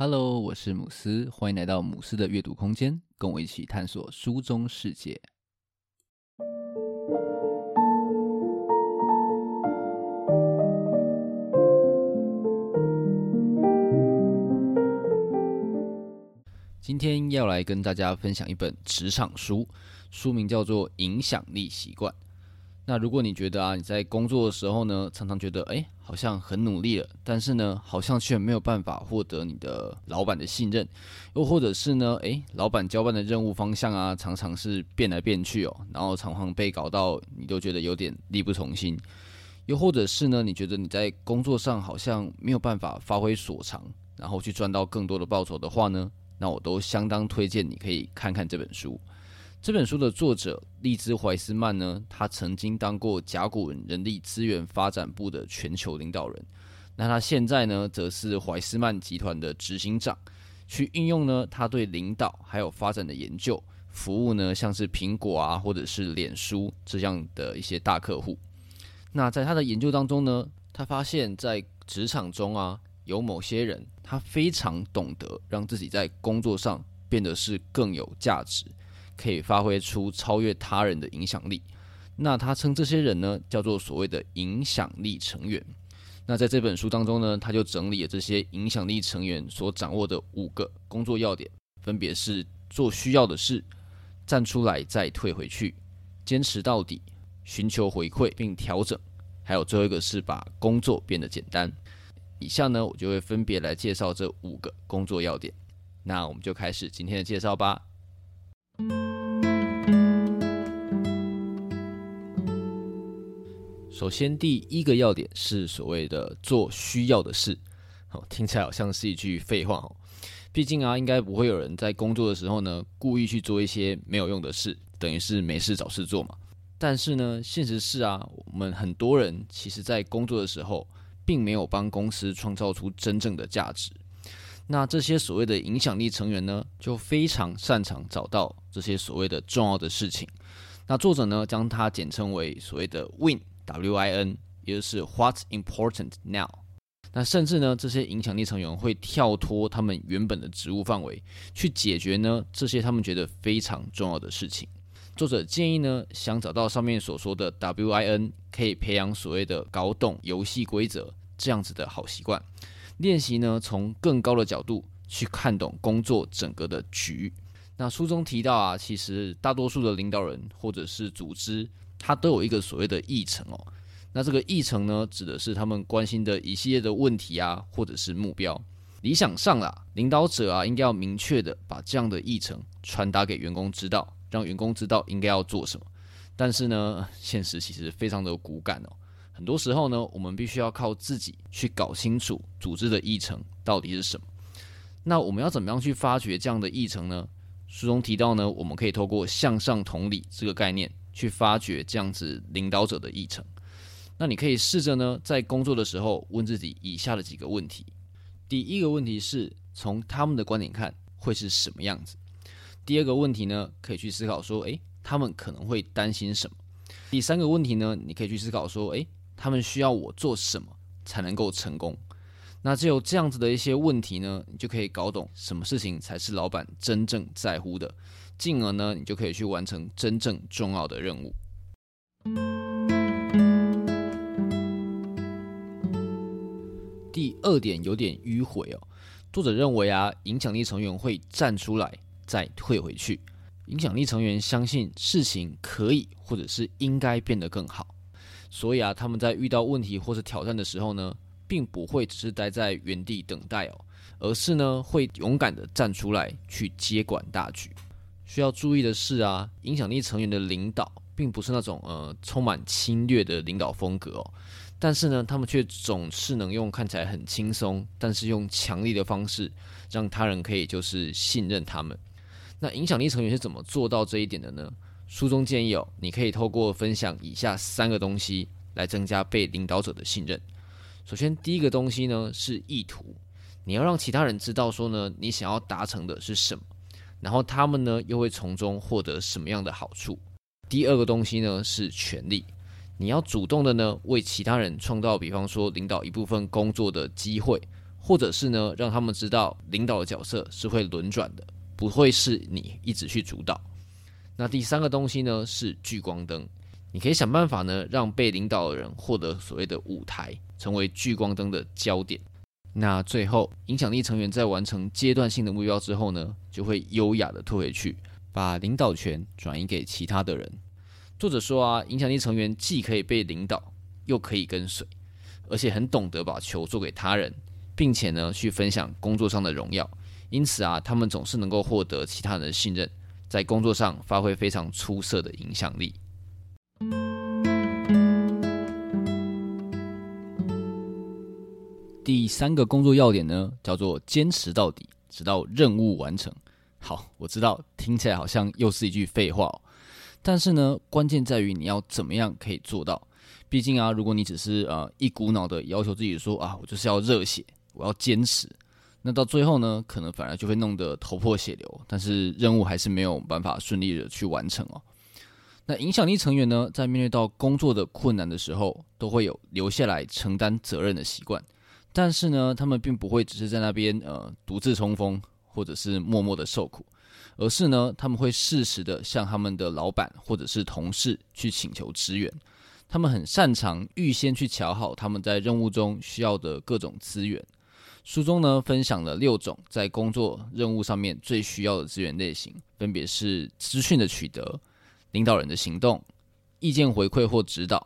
Hello，我是姆斯，歡迎來到姆斯的閱讀空間，跟我一起探索書中世界。今天要來跟大家分享一本職場書，書名叫做《影響力習慣》。那如果你覺得啊，你在工作的時候呢，常常覺得哎，好像很努力了，但是呢，好像卻沒有辦法獲得你的老闆的信任，又或者是呢，哎，老闆交辦的任務方向啊，常常是變來變去哦，然後常常被搞到你都覺得有點力不從心，又或者是呢，你覺得你在工作上好像沒有辦法發揮所長，然後去賺到更多的報酬的話呢，那我都相當推薦你可以看看這本書。這本書的作者莉茲懷斯曼呢，他曾經當過甲骨文人力資源發展部的全球領導人。那他現在呢，則是懷斯曼集團的執行長，去運用呢，他對領導還有發展的研究服務呢，像是蘋果啊，或者是臉書這樣的一些大客戶。那在他的研究當中呢，他發現，在職場中啊，有某些人，他非常懂得讓自己在工作上變得是更有價值。可以發揮出超越他人的影響力。那他稱這些人呢，叫做所謂的影響力成員。那在這本書當中呢，他就整理了這些影響力成員所掌握的五個工作要點，分別是做需要的事、站出來再退回去、堅持到底、尋求回饋並調整，還有最後一個是把工作變得簡單。以下呢，我就會分別來介紹這五個工作要點。那我們就開始今天的介紹吧。首先，第一個要點是所謂的做需要的事。好，聽起來好像是一句廢話哦。畢竟啊，應該不會有人在工作的時候呢，故意去做一些沒有用的事，等於是沒事找事做嘛。但是呢，現實是啊，我們很多人其實在工作的時候，並沒有幫公司創造出真正的價值。那這些所謂的影響力成員呢，就非常擅長找到這些所謂的重要的事情。那作者呢，將它簡稱為所謂的 Win。W I N，也就是 What's Important Now。那甚至呢，這些影響力成員會跳脫他們原本的職務範圍，去解決呢這些他們覺得非常重要的事情。作者建議呢，想找到上面所說的 W I N，可以培養所謂的搞懂遊戲規則這樣子的好習慣。練習呢，從更高的角度去看懂工作整個的局。那書中提到啊，其實大多數的領導人或者是組織。它都有一個所謂的議程哦，那這個議程呢，指的是他們關心的一系列的問題啊，或者是目標。理想上啦，領導者啊，應該要明確地把這樣的議程傳達給員工知道，讓員工知道應該要做什麼。但是呢，現實其實非常的骨感哦，很多時候呢，我們必須要靠自己去搞清楚組織的議程到底是什麼。那我們要怎麼樣去發掘這樣的議程呢？書中提到呢，我們可以透過向上同理這個概念。去發掘這樣子領導者的議程，那你可以試着呢，在工作的時候問自己以下的幾個問題。第一個問題是，從他們的觀點看會是什麼樣子？第二個問題呢，可以去思考說，欸，他們可能會擔心什麼？第三個問題呢，你可以去思考說，欸，他們需要我做什麼才能夠成功？那只有這樣子的一些問題呢，你就可以搞懂什麼事情才是老闆真正在乎的，進而呢，你就可以去完成真正重要的任務。第二點有點迂迴哦，作者認為啊，影響力成員會站出來再退回去。影響力成員相信事情可以或者是應該變得更好，所以啊，他們在遇到問題或是挑戰的時候呢，並不會只是待在原地等待哦，而是呢會勇敢地站出來去接管大局。需要注意的是啊，影響力成員的領導並不是那種呃充滿侵略的領導風格哦，但是呢他們卻總是能用看起來很輕鬆，但是用強力的方式讓他人可以就是信任他們。那影響力成員是怎麼做到這一點的呢？書中建議哦，你可以透過分享以下三個東西來增加被領導者的信任。首先，第一個東西呢是意圖，你要讓其他人知道說呢，你想要達成的是什麼，然後他們呢又會從中獲得什麼樣的好處。第二個東西呢是權力，你要主動的呢為其他人創造，比方說領導一部分工作的機會，或者是呢讓他們知道領導的角色是會輪轉的，不會是你一直去主導。那第三個東西呢是聚光燈。你可以想辦法呢，讓被領導的人獲得所謂的舞台，成為聚光燈的焦點。那最後，影響力成員在完成階段性的目標之後呢，就會優雅地退回去，把領導權轉移給其他的人。作者說啊，影響力成員既可以被領導，又可以跟隨，而且很懂得把球做給他人，並且呢，去分享工作上的榮耀。因此啊，他們總是能夠獲得其他人的信任，在工作上發揮非常出色的影響力。第三個工作要點呢，叫做堅持到底，直到任務完成。好，我知道聽起來好像又是一句廢話哦，但是呢，關鍵在於你要怎麼樣可以做到。畢竟啊，如果你只是啊，呃，一股腦的要求自己說啊，我就是要熱血，我要堅持，那到最後呢，可能反而就會弄得頭破血流，但是任務還是沒有辦法順利的去完成哦。那影響力成員呢，在面對到工作的困難的時候，都會有留下來承擔責任的習慣。但是呢，他們並不會只是在那邊呃獨自衝鋒，或者是默默的受苦，而是呢，他們會適時的向他們的老板或者是同事去請求支援。他們很擅長預先去瞧好他們在任務中需要的各種資源。書中呢，分享了六種在工作任務上面最需要的資源類型，分別是資訊的取得、領導人的行動、意見回饋或指導、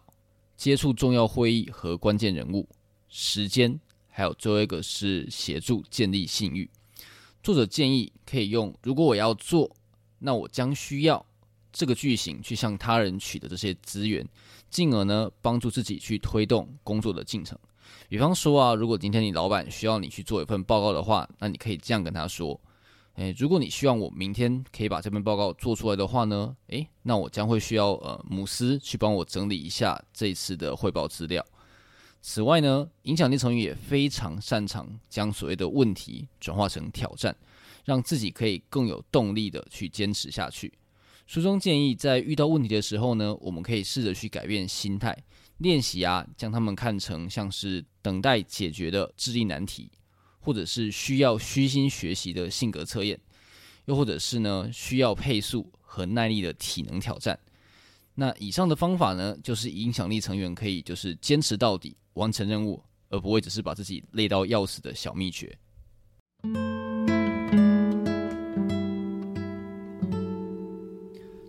接觸重要會議和關鍵人物、時間。還有最後一個是協助建立信譽。作者建議可以用：如果我要做，那我將需要這個句型去向他人取得這些資源，進而呢幫助自己去推動工作的進程。比方說啊，如果今天你老板需要你去做一份報告的話，那你可以這樣跟他說：誒，如果你希望我明天可以把這份報告做出來的話呢，誒，那我將會需要呃，姆斯去幫我整理一下這一次的彙報資料。此外呢，影響力成員也非常擅長將所謂的問題轉化成挑戰，讓自己可以更有動力地去堅持下去。書中建議，在遇到問題的時候呢，我們可以試着去改變心態，練習啊，將它們看成像是等待解決的智力難題，或者是需要虛心學習的性格測驗，又或者是呢，需要配速和耐力的體能挑戰。那以上的方法呢，就是影響力成員可以就是堅持到底完成任務，而不會只是把自己累到要死的小祕訣。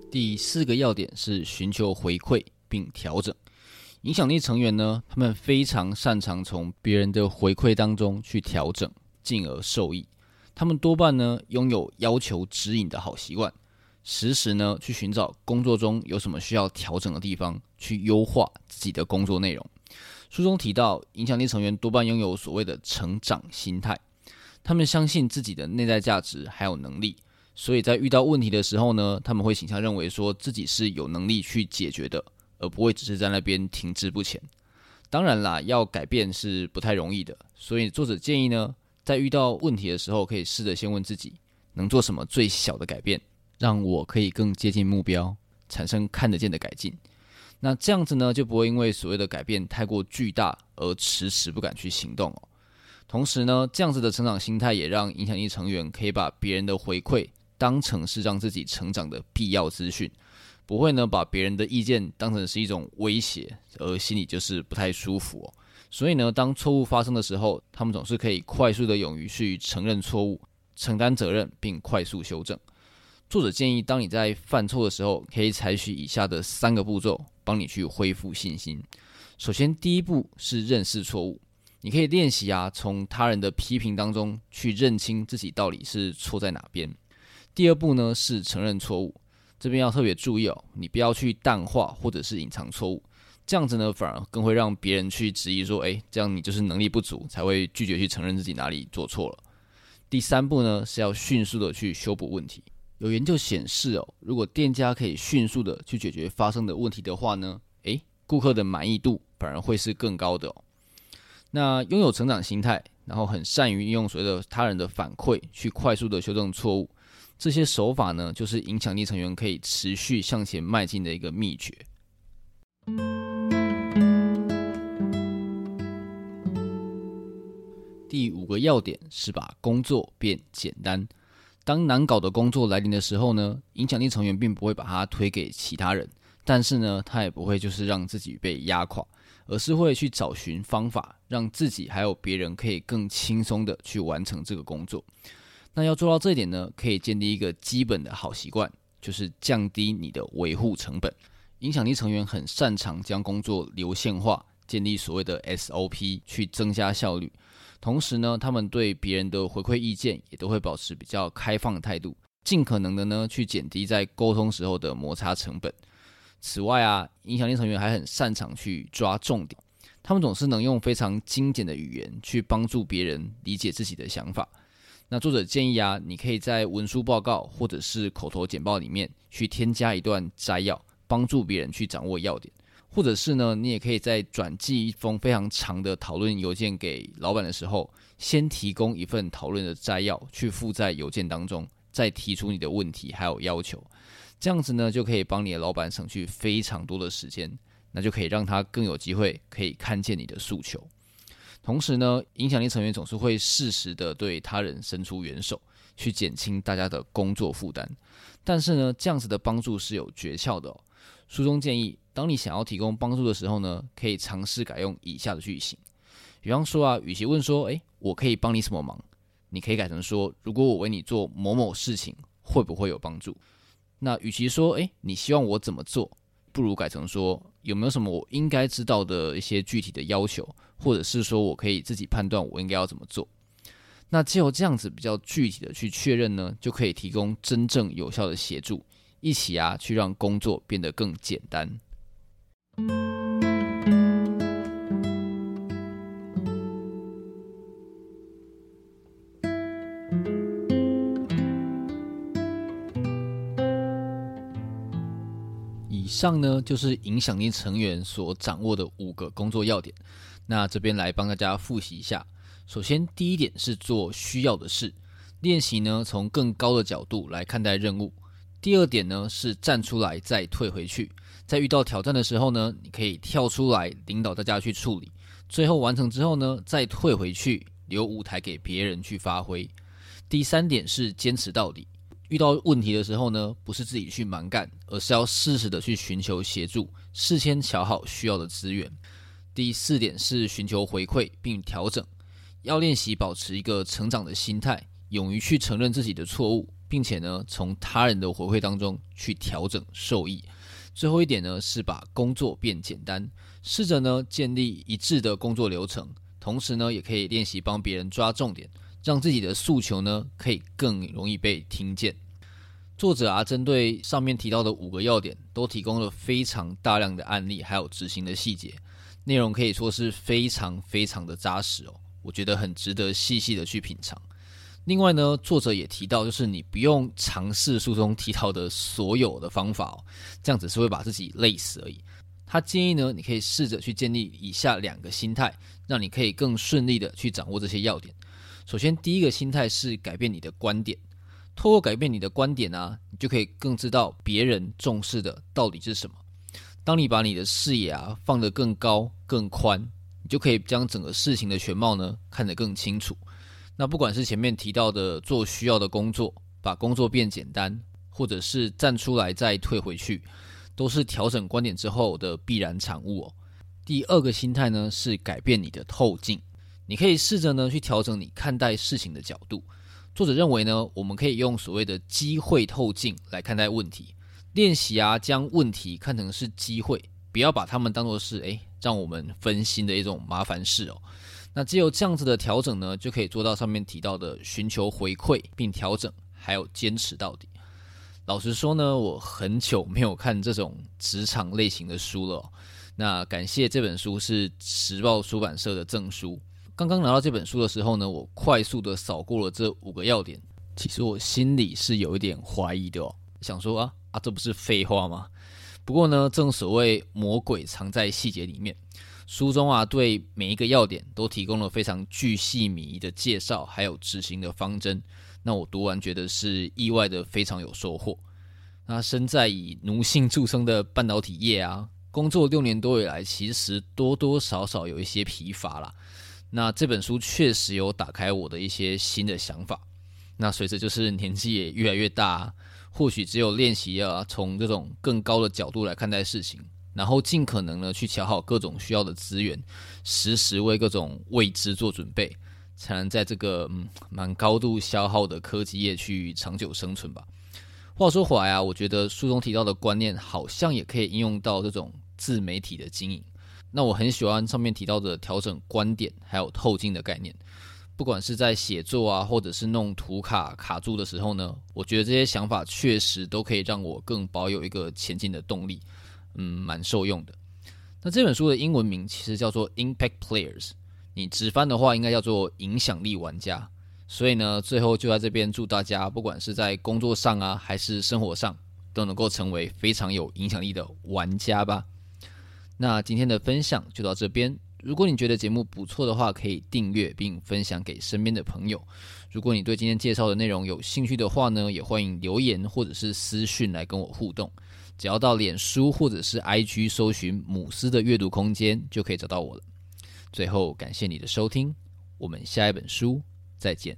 第四個要點是尋求回饋並調整。影響力成員呢，他們非常擅長從別人的回饋當中去調整，進而受益。他們多半呢，擁有要求指引的好習慣。時時呢，去尋找工作中有什麼需要調整的地方，去優化自己的工作內容。書中提到，影響力成員多半擁有所謂的成長心態，他們相信自己的內在價值還有能力，所以在遇到問題的時候呢，他們會傾向認為說自己是有能力去解決的，而不會只是在那邊停滯不前。當然啦，要改變是不太容易的，所以作者建議呢，在遇到問題的時候，可以試着先問自己能做什麼最小的改變。讓我可以更接近目標，產生看得見的改進。那這樣子呢，就不會因為所謂的改變太過巨大而遲遲不敢去行動哦。同時呢，這樣子的成長心態也讓影響力成員可以把別人的回饋當成是讓自己成長的必要資訊，不會呢把別人的意見當成是一種威脅，而心裡就是不太舒服哦。所以呢，當錯誤發生的時候，他們總是可以快速的勇於去承認錯誤，承擔責任，並快速修正。作者建議，當你在犯錯的時候，可以採取以下的三個步驟，幫你去恢復信心。首先，第一步是認識錯誤，你可以練習啊，從他人的批評當中去認清自己到底是錯在哪邊。第二步呢是承認錯誤，這邊要特別注意哦，你不要去淡化或者是隱藏錯誤，這樣子呢反而更會讓別人去質疑說，欸，這樣你就是能力不足，才會拒絕去承認自己哪裡做錯了。第三步呢是要迅速的去修補問題。有研究顯示哦，如果店家可以迅速的去解決發生的問題的話呢，誒、欸，顧客的滿意度反而會是更高的哦。那擁有成長心態，然後很善於用隨着他人的反饋去快速的修正錯誤，這些手法呢，就是影響力成員可以持續向前邁進的一個秘訣。第五個要點是把工作變簡單。當難搞的工作來臨的時候呢，影響力成員並不會把它推給其他人，但是呢，他也不會就是讓自己被壓垮，而是會去找尋方法，讓自己還有別人可以更輕鬆的去完成這個工作。那要做到這一點呢，可以建立一個基本的好習慣，就是降低你的維護成本。影響力成員很擅長將工作流線化。建立所謂的 SOP 去增加效率，同時呢，他們對別人的回饋意見也都會保持比較開放的態度，盡可能的呢去減低在溝通時候的摩擦成本。此外啊，影響力成員還很擅長去抓重點，他們總是能用非常精簡的語言去幫助別人理解自己的想法。那作者建議啊，你可以在文書報告或者是口頭簡報裡面去添加一段摘要，幫助別人去掌握要點。或者是呢，你也可以在轉寄一封非常長的討論郵件給老闆的時候，先提供一份討論的摘要去附在郵件當中，再提出你的問題還有要求，這樣子呢就可以幫你的老闆省去非常多的時間，那就可以讓他更有機會可以看見你的訴求。同時呢，影響力成員總是會適時地對他人伸出援手，去減輕大家的工作負擔。但是呢，這樣子的幫助是有訣竅的哦。書中建議。當你想要提供幫助的時候呢，可以嘗試改用以下的句型，比方說啊，與其問說“誒、欸、我可以幫你什麼忙”，你可以改成說“如果我為你做某某事情，會不會有幫助？”那與其說“誒、欸、你希望我怎麼做”，不如改成說“有沒有什麼我應該知道的一些具體的要求，或者是說我可以自己判斷我應該要怎麼做？”那只有這樣子比較具體的去確認呢，就可以提供真正有效的協助，一起啊去讓工作變得更簡單。以上呢，就是影響力成員所掌握的五個工作要點。那這邊來幫大家複習一下。首先，第一點是做需要的事，練習呢，從更高的角度來看待任務。第二點呢，是站出來再退回去，在遇到挑戰的時候呢，你可以跳出來領導大家去處理，最後完成之後呢，再退回去留舞台給別人去發揮。第三點是堅持到底，遇到問題的時候呢，不是自己去蠻幹，而是要適時的去尋求協助，事先喬好需要的資源。第四點是尋求回饋並調整，要練習保持一個成長的心態，勇於去承認自己的錯誤，並且呢，從他人的回饋當中去調整受益。最後一點呢，是把工作變簡單，試着呢建立一致的工作流程，同時呢也可以練習幫別人抓重點，讓自己的訴求呢可以更容易被聽見。作者啊，針對上面提到的五個要點，都提供了非常大量的案例，還有執行的細節，內容可以說是非常非常的扎實哦，我覺得很值得細細的去品嘗。另外呢，作者也提到，就是你不用嘗試書中提到的所有的方法哦，這樣子是會把自己累死而已。他建議呢，你可以試着去建立以下兩個心態，讓你可以更順利的去掌握這些要點。首先，第一個心態是改變你的觀點，透過改變你的觀點啊，你就可以更知道別人重視的到底是什麼。當你把你的視野啊放得更高、更寬，你就可以將整個事情的全貌呢看得更清楚。那不管是前面提到的做需要的工作，把工作變簡單，或者是站出來再退回去，都是調整觀點之後的必然產物哦。第二個心態呢是改變你的透鏡，你可以試着呢去調整你看待事情的角度。作者認為呢，我們可以用所謂的機會透鏡來看待問題，練習啊將問題看成是機會，不要把它們當作是誒，讓我們分心的一種麻煩事哦。那只有這樣子的調整呢，就可以做到上面提到的尋求回饋並調整，還有堅持到底。老實說呢，我很久沒有看這種職場類型的書了喔。那感謝這本書是時報出版社的贈書。剛剛拿到這本書的時候呢，我快速的掃過了這五個要點。其實我心裡是有一點懷疑的喔，哦，想說啊啊，這不是廢話嗎？不過呢，正所謂魔鬼藏在細節裡面。書中啊，對每一個要點都提供了非常巨細靡遺的介紹，還有執行的方針。那我讀完覺得是意外的非常有收穫。那身在以奴性著稱的半導體業啊，工作六年多以來，其實多多少少有一些疲乏了。那這本書確實有打開我的一些新的想法。那隨着就是年紀也越來越大，或許只有練習啊，從這種更高的角度來看待事情。然後盡可能呢去調好各種需要的資源，實時為各種未知做準備，才能在這個、嗯、蠻高度消耗的科技業去長久生存吧。話說回來啊，我覺得書中提到的觀念好像也可以應用到這種自媒體的經營。那我很喜歡上面提到的調整觀點還有透鏡的概念，不管是在寫作啊，或者是弄圖卡卡住的時候呢，我覺得這些想法確實都可以讓我更保有一個前進的動力。嗯，蠻受用的。那這本書的英文名其實叫做 Impact Players，你直翻的話應該叫做“影響力玩家”。所以呢，最後就在這邊祝大家，不管是在工作上啊，還是生活上，都能夠成為非常有影響力的玩家吧。那今天的分享就到這邊。如果你覺得節目不錯的話，可以訂閱並分享給身邊的朋友。如果你對今天介紹的內容有興趣的話呢，也歡迎留言或者是私訊來跟我互動。只要到臉書或者是 IG 搜尋“姆斯的閱讀空間，就可以找到我了。最後，感謝你的收聽，我們下一本書再見。